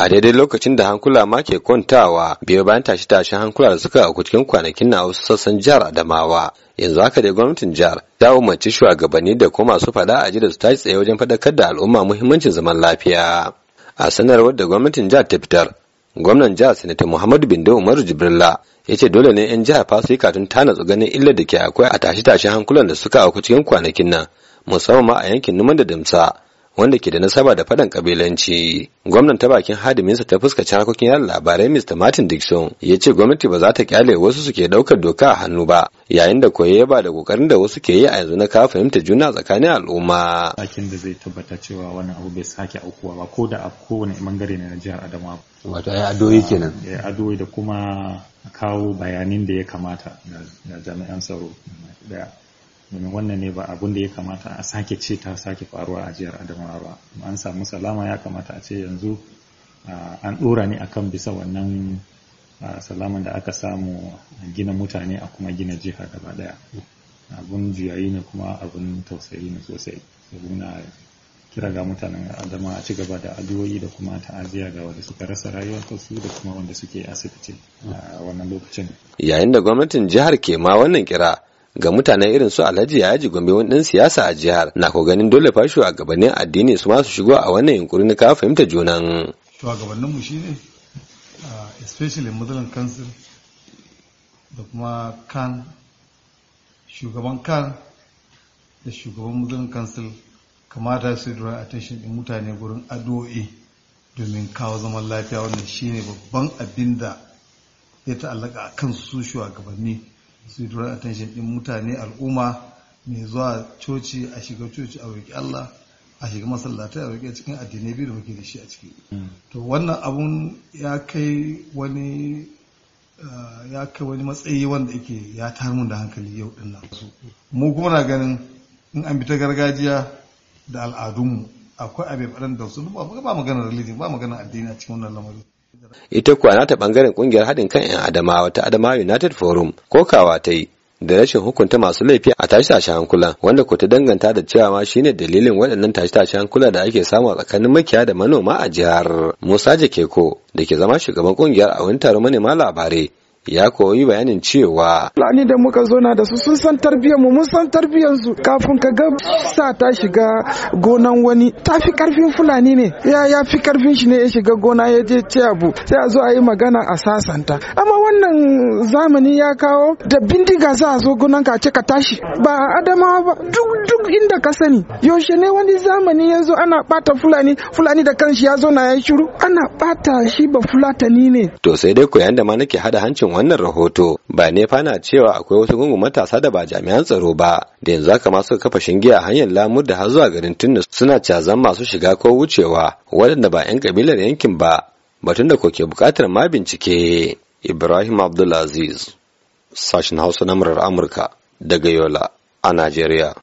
a daidai lokacin da hankula ma ke kwantawa biyo bayan tashi tashin hankula da suka auku cikin kwanakin na wasu sassan jihar adamawa yanzu haka dai gwamnatin jihar ta umarci shugabanni da kuma masu faɗa a da su tashi tsaye wajen faɗakar da al'umma muhimmancin zaman lafiya a sanarwar da gwamnatin jihar ta fitar gwamnan jihar sanata muhammadu bindo umaru jibrilla ya ce dole ne 'yan jihar fasu yi katun tana ganin illar da ke akwai a tashi tashin hankulan da suka auku cikin kwanakin nan musamman ma a yankin numan da damsa wanda ke da nasaba da faɗan kabilanci gwamnan ta bakin hadiminsa ta fuskaci harkokin yada labarai mr martin dixon ya ce gwamnati ba za ta kyale wasu suke ɗaukar doka a hannu ba yayin da koye ba da kokarin da wasu ke yi a yanzu na ka fahimta juna tsakanin al'umma sakin da zai tabbata cewa wannan abu bai sake aukuwa ba ko da a kowane bangare na jihar adamawa wato ya adoyi ah, kenan ya eh, adoyi da kuma kawo bayanin da ya kamata na jami'an tsaro daya domin wannan ne ba abun da ya kamata a sake ce ta sake faruwa a jihar adamawa ba an samu salama ya kamata a ce yanzu an ɗora ne akan bisa wannan salaman da aka samu gina mutane a kuma gina jiha gaba daya abun juyayi ne kuma abun tausayi ne sosai muna kira ga mutanen adama a ci gaba da addu'o'i da kuma ta'aziyya ga wanda suka rasa su da kuma wanda suke asibiti a wannan lokacin yayin da gwamnatin jihar ke ma wannan kira ga mutanen irin su Alhaji Yaji Gombe wani dan siyasa a jihar na ko ganin dole fa gabanin addini su ma su shigo a wannan yunkuri na ka fahimta junan gabanin mu shine especially Muslim Council da kuma kan shugaban kan da shugaban Muslim Council kamata su dora attention din mutane gurin addu'o'i domin kawo zaman lafiya wannan shine babban abin da ya ta'allaka akan su shugabanni su dora attention din mutane al'umma mai zuwa coci a shiga coci a roƙi Allah a shiga masallata a roƙi cikin addinai biyu da muke da shi a ciki hmm. to wannan abun ya kai wani eh, ya kai wani matsayi wanda yake ya mun da hankali yau din nan mu kuma na ganin in an bi ta gargajiya da al'adunmu akwai abin da su ba magana religion ba magana addini a cikin wannan lamarin ita kuwa nata bangaren kungiyar haɗin kan 'yan adamawa ta adamawa united forum ko kokawa ta yi da rashin hukunta masu laifi a tashi tashi hankula wanda ku ta danganta da cewa ma shine dalilin waɗannan tashi tashi hankula da ake samu a tsakanin makiya da manoma a jihar Musa Jakeko da ke zama shugaban kungiyar a wani taron manema labarai ya koyi bayanin cewa Fulani da muka zona da su sun san tarbiyyar mu mun san tarbiyyar su kafin ka ga sa ta shiga gonan wani ta fi karfin Fulani ne ya ya fi karfin shi ne ya shiga gona ya je ce abu sai a zo a yi magana a sasanta amma wannan zamani ya kawo da bindiga za a zo gonan ka ce ka tashi ba Adama ba duk duk inda ka sani yaushe ne wani zamani ya zo ana bata Fulani Fulani da kanshi ya zo na ya shiru ana bata shi ba Fulatani ne to sai dai koyan da ma nake hada hancin irin wannan rahoto ba ne fana cewa akwai wasu gungun matasa da ba jami'an tsaro ba da yanzu haka masu suka kafa shinge a hanyar lamur da har zuwa garin Tunis suna cazan masu shiga ko wucewa waɗanda ba 'yan kabilar yankin ba batun da koke buƙatar ma bincike Ibrahim Abdulaziz sashen Hausa na murar Amurka daga Yola a Najeriya